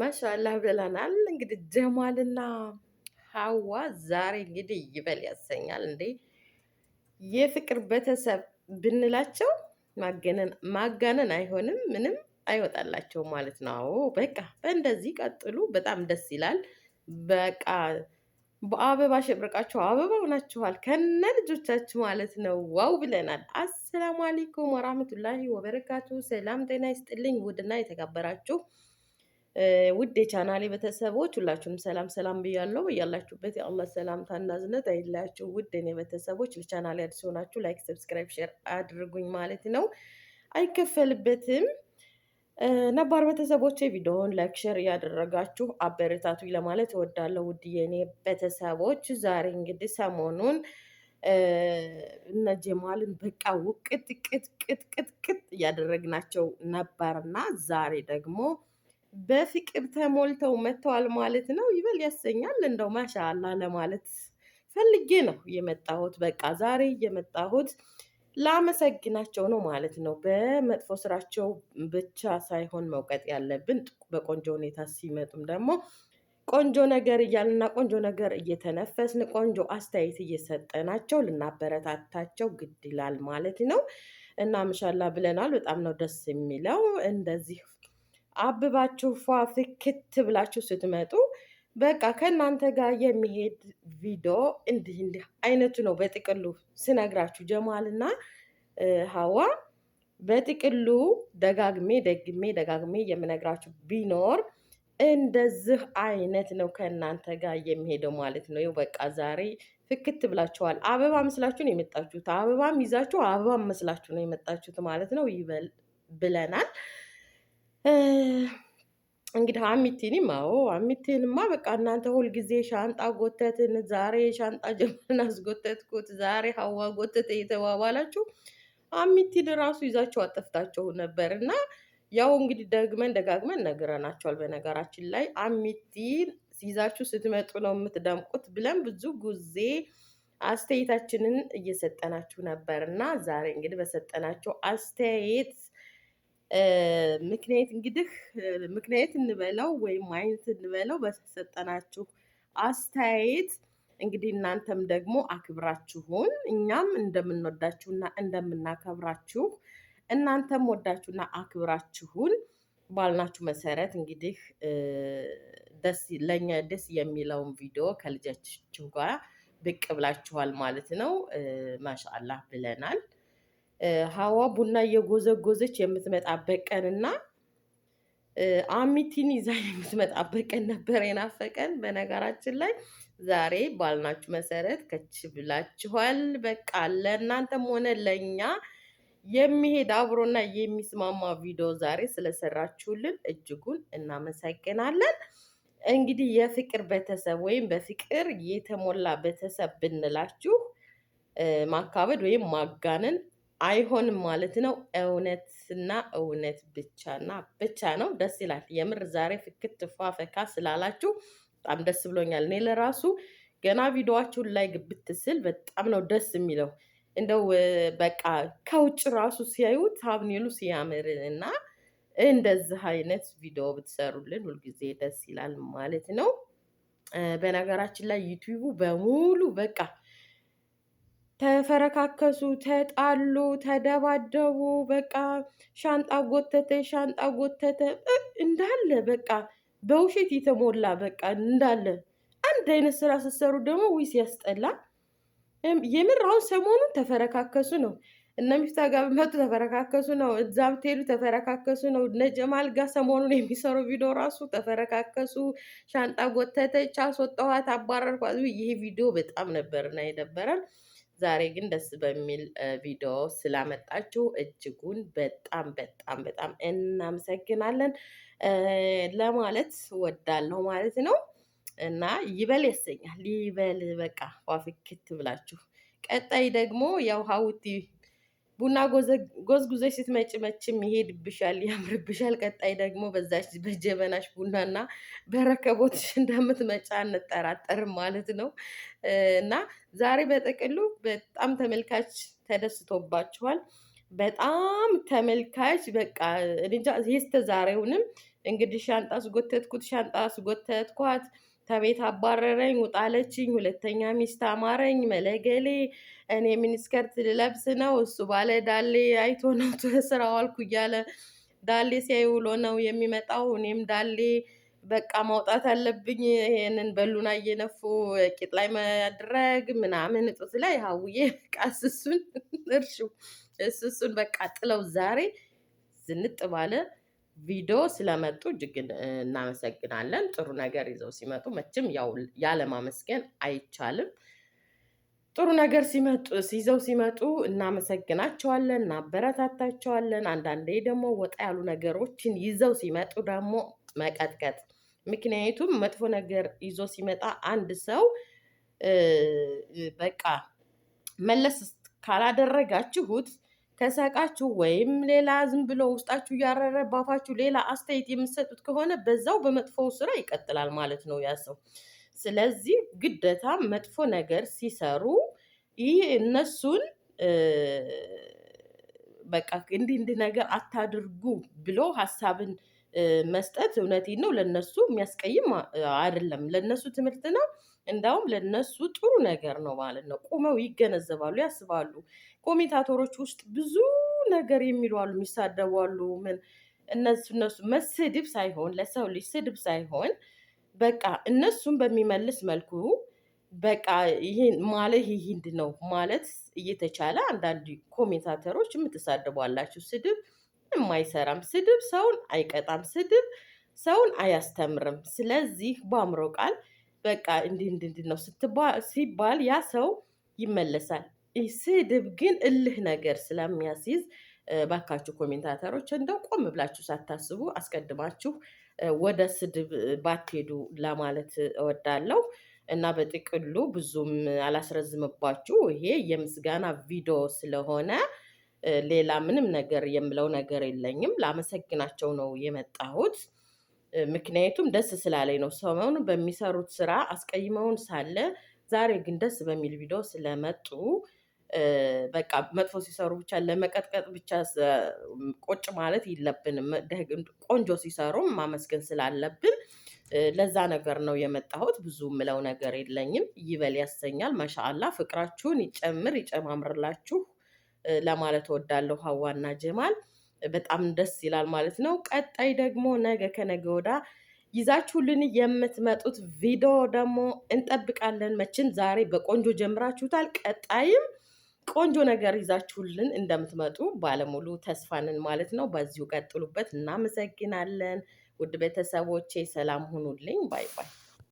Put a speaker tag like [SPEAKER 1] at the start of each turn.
[SPEAKER 1] ማሻአላህ ብለናል። እንግዲህ ጀማልና ሀዋ ዛሬ እንግዲህ ይበል ያሰኛል እንዴ የፍቅር ቤተሰብ ብንላቸው ማጋነን አይሆንም፣ ምንም አይወጣላቸው ማለት ነው። በቃ በእንደዚህ ቀጥሉ፣ በጣም ደስ ይላል። በቃ በአበባ ሸብርቃቸው አበባ ሆናችኋል ከነ ልጆቻችሁ ማለት ነው። ዋው ብለናል። አሰላሙ አሌይኩም ወራህመቱላሂ ወበረካቱ። ሰላም ጤና ይስጥልኝ ውድና የተከበራችሁ ውድ የቻናሌ ቤተሰቦች ሁላችሁም ሰላም ሰላም ብያለሁ። እያላችሁበት የአላህ ሰላምታ እና እዝነት አይለያችሁ። ውድ የኔ ቤተሰቦች ለቻናሌ አዲስ ሆናችሁ ላይክ፣ ሰብስክራይብ፣ ሼር አድርጉኝ ማለት ነው። አይከፈልበትም። ነባር ቤተሰቦቼ ቪዲዮውን ላይክ፣ ሼር እያደረጋችሁ አበረታቱኝ ለማለት እወዳለሁ። ውድ የኔ ቤተሰቦች ዛሬ እንግዲህ ሰሞኑን እነ ጀማልን በቃ ውቅት ቅጥቅጥቅጥቅጥ እያደረግናቸው ነበርና ዛሬ ደግሞ በፍቅር ተሞልተው መጥተዋል ማለት ነው። ይበል ያሰኛል። እንደው ማሻላ ለማለት ፈልጌ ነው የመጣሁት። በቃ ዛሬ የመጣሁት ላመሰግናቸው ነው ማለት ነው። በመጥፎ ስራቸው ብቻ ሳይሆን መውቀጥ ያለብን በቆንጆ ሁኔታ ሲመጡም ደግሞ ቆንጆ ነገር እያልና ቆንጆ ነገር እየተነፈስን ቆንጆ አስተያየት እየሰጠናቸው ልናበረታታቸው ግድ ይላል ማለት ነው። እና ምሻላ ብለናል። በጣም ነው ደስ የሚለው እንደዚህ አብባችሁ ፏ ፍክት ብላችሁ ስትመጡ በቃ ከእናንተ ጋር የሚሄድ ቪዲዮ እንዲህ እንዲህ አይነቱ ነው። በጥቅሉ ስነግራችሁ ጀማልና ሀዋ በጥቅሉ ደጋግሜ ደግሜ ደጋግሜ የምነግራችሁ ቢኖር እንደዚህ አይነት ነው ከእናንተ ጋር የሚሄደው ማለት ነው። ይኸው በቃ ዛሬ ፍክት ብላችኋል። አበባ መስላችሁ ነው የመጣችሁት። አበባም ይዛችሁ አበባ መስላችሁ ነው የመጣችሁት ማለት ነው። ይበል ብለናል። እንግዲህ አሚቴንም አዎ አሚቴንማ በቃ እናንተ ሁልጊዜ ሻንጣ ጎተትን፣ ዛሬ ሻንጣ ጀመርን አስጎተትኩት፣ ዛሬ ሀዋ ጎተተ የተባባላችሁ አሚቴን ራሱ ይዛችሁ አጠፍታችሁ ነበር እና ያው እንግዲህ ደግመን ደጋግመን ነግረናቸዋል። በነገራችን ላይ አሚቴን ይዛችሁ ስትመጡ ነው የምትደምቁት ብለን ብዙ ጊዜ አስተያየታችንን እየሰጠናችሁ ነበር እና ዛሬ እንግዲህ በሰጠናቸው አስተያየት ምክንያት እንግዲህ ምክንያት እንበለው ወይም አይነት እንበለው በሰጠናችሁ አስተያየት እንግዲህ እናንተም ደግሞ አክብራችሁን እኛም እንደምንወዳችሁና እንደምናከብራችሁ እናንተም ወዳችሁና አክብራችሁን ባልናችሁ መሰረት እንግዲህ ደስ ለእኛ ደስ የሚለውን ቪዲዮ ከልጃችሁ ጋር ብቅ ብላችኋል ማለት ነው። ማሻአላህ ብለናል። ሀዋ ቡና እየጎዘጎዘች የምትመጣበት ቀን እና አሚቲን ይዛ የምትመጣበት ቀን ነበር የናፈቀን። በነገራችን ላይ ዛሬ ባልናችሁ መሰረት ከች ብላችኋል። በቃ ለእናንተም ሆነ ለእኛ የሚሄድ አብሮና የሚስማማ ቪዲዮ ዛሬ ስለሰራችሁልን እጅጉን እናመሰግናለን። እንግዲህ የፍቅር ቤተሰብ ወይም በፍቅር የተሞላ ቤተሰብ ብንላችሁ ማካበድ ወይም ማጋነን አይሆንም ማለት ነው። እውነትና እውነት ብቻና ብቻ ነው። ደስ ይላል የምር ዛሬ ፍክት ፏፈካ ስላላችሁ በጣም ደስ ብሎኛል። እኔ ለራሱ ገና ቪዲዮዋችሁን ላይ ግብት ስል በጣም ነው ደስ የሚለው። እንደው በቃ ከውጭ ራሱ ሲያዩት ሀብኒሉ ሲያምር እና እንደዚህ አይነት ቪዲዮ ብትሰሩልን ሁልጊዜ ደስ ይላል ማለት ነው። በነገራችን ላይ ዩቲዩቡ በሙሉ በቃ ተፈረካከሱ፣ ተጣሉ፣ ተደባደቡ። በቃ ሻንጣ ጎተተ፣ ሻንጣ ጎተተ እንዳለ በቃ በውሸት የተሞላ በቃ እንዳለ አንድ አይነት ስራ ስትሰሩ ደግሞ ዊስ ያስጠላ። የምር አሁን ሰሞኑን ተፈረካከሱ ነው እነ ሚፍታ ጋር በመጡ ተፈረካከሱ ነው። እዛም ትሄዱ ተፈረካከሱ ነው። እነ ጀማል ጋር ሰሞኑን የሚሰሩ ቪዲዮ ራሱ ተፈረካከሱ። ሻንጣ ጎተተች፣ አስወጣኋት፣ አባረርኳት። ይሄ ቪዲዮ በጣም ነበርና የነበረን ዛሬ ግን ደስ በሚል ቪዲዮ ስላመጣችሁ እጅጉን በጣም በጣም በጣም እናመሰግናለን ለማለት ወዳለሁ ማለት ነው። እና ይበል ያሰኛል። ይበል በቃ ዋፍክት ብላችሁ ቀጣይ ደግሞ ያው ሀውቲ ቡና ጎዝጉዘሽ ስትመጪ መችም ይሄድብሻል፣ ያምርብሻል። ቀጣይ ደግሞ በዛች በጀበናሽ ቡናና በረከቦትሽ እንደምትመጫ አንጠራጠርም ማለት ነው። እና ዛሬ በጥቅሉ በጣም ተመልካች ተደስቶባችኋል። በጣም ተመልካች በቃ እንጃ ዛሬውንም እንግዲህ ሻንጣ ስጎተትኩት ሻንጣ ስጎተትኳት ከቤት አባረረኝ፣ ውጣለችኝ፣ ሁለተኛ ሚስት አማረኝ፣ መለገሌ እኔ ሚኒስከርት ልለብስ ነው፣ እሱ ባለ ዳሌ አይቶ ነው ስራ አልኩ እያለ ዳሌ ሲያይ ውሎ ነው የሚመጣው። እኔም ዳሌ በቃ ማውጣት አለብኝ። ይሄንን በሉና እየነፉ ቂጥ ላይ ማድረግ ምናምን እጡት ላይ ሀውዬ በቃ ስሱን እርሹ እሱሱን በቃ ጥለው ዛሬ ዝንጥ ባለ ቪዲዮ ስለመጡ እጅግ እናመሰግናለን። ጥሩ ነገር ይዘው ሲመጡ መቼም ያው ያለማመስገን አይቻልም። ጥሩ ነገር ሲመጡ ሲመጡ እናመሰግናቸዋለን፣ እናበረታታቸዋለን። አንዳንዴ ደግሞ ወጣ ያሉ ነገሮችን ይዘው ሲመጡ ደግሞ መቀጥቀጥ። ምክንያቱም መጥፎ ነገር ይዞ ሲመጣ አንድ ሰው በቃ መለስ ካላደረጋችሁት ከሳቃችሁ ወይም ሌላ ዝም ብሎ ውስጣችሁ እያረረ ባፋችሁ ሌላ አስተያየት የምትሰጡት ከሆነ በዛው በመጥፎው ስራ ይቀጥላል ማለት ነው ያ ሰው። ስለዚህ ግደታ መጥፎ ነገር ሲሰሩ ይህ እነሱን በቃ እንዲህ እንዲህ ነገር አታድርጉ ብሎ ሀሳብን መስጠት እውነቴን ነው ለነሱ የሚያስቀይም አይደለም ለነሱ ትምህርት ነው። እንዳውም ለነሱ ጥሩ ነገር ነው ማለት ነው። ቁመው ይገነዘባሉ ያስባሉ ኮሜንታቶሮች ውስጥ ብዙ ነገር የሚሉ አሉ የሚሳደቡ አሉ ምን እነሱ እነሱ መስድብ ሳይሆን ለሰው ልጅ ስድብ ሳይሆን በቃ እነሱን በሚመልስ መልኩ በቃ ይሄን ማለት ይሄንድ ነው ማለት እየተቻለ አንዳንድ ኮሜንታተሮች የምትሳደቧላችሁ ስድብ ምንም አይሰራም። ስድብ ሰውን አይቀጣም። ስድብ ሰውን አያስተምርም። ስለዚህ በአእምሮ ቃል በቃ እንዲህ እንዲህ ነው ሲባል ያ ሰው ይመለሳል። ስድብ ግን እልህ ነገር ስለሚያስይዝ ባካችሁ ኮሜንታተሮች እንደው ቆም ብላችሁ ሳታስቡ አስቀድማችሁ ወደ ስድብ ባትሄዱ ለማለት እወዳለሁ። እና በጥቅሉ ብዙም አላስረዝምባችሁ። ይሄ የምስጋና ቪዲዮ ስለሆነ ሌላ ምንም ነገር የምለው ነገር የለኝም። ላመሰግናቸው ነው የመጣሁት። ምክንያቱም ደስ ስላለኝ ነው። ሰሞኑን በሚሰሩት ስራ አስቀይመውን ሳለ ዛሬ ግን ደስ በሚል ቪዲዮ ስለመጡ በቃ መጥፎ ሲሰሩ ብቻ ለመቀጥቀጥ ብቻ ቁጭ ማለት የለብንም። ቆንጆ ሲሰሩ ማመስገን ስላለብን ለዛ ነገር ነው የመጣሁት። ብዙ ምለው ነገር የለኝም። ይበል ያሰኛል። ማሻአላ ፍቅራችሁን ይጨምር ይጨማምርላችሁ። ለማለት ወዳለው ሀዋና ጀማል በጣም ደስ ይላል ማለት ነው። ቀጣይ ደግሞ ነገ ከነገ ወዳ ይዛችሁልን የምትመጡት ቪዲዮ ደግሞ እንጠብቃለን። መችን ዛሬ በቆንጆ ጀምራችሁታል። ቀጣይም ቆንጆ ነገር ይዛችሁልን እንደምትመጡ ባለሙሉ ተስፋንን ማለት ነው። በዚሁ ቀጥሉበት። እናመሰግናለን ውድ ቤተሰቦቼ፣ ሰላም ሁኑልኝ። ባይ ባይ።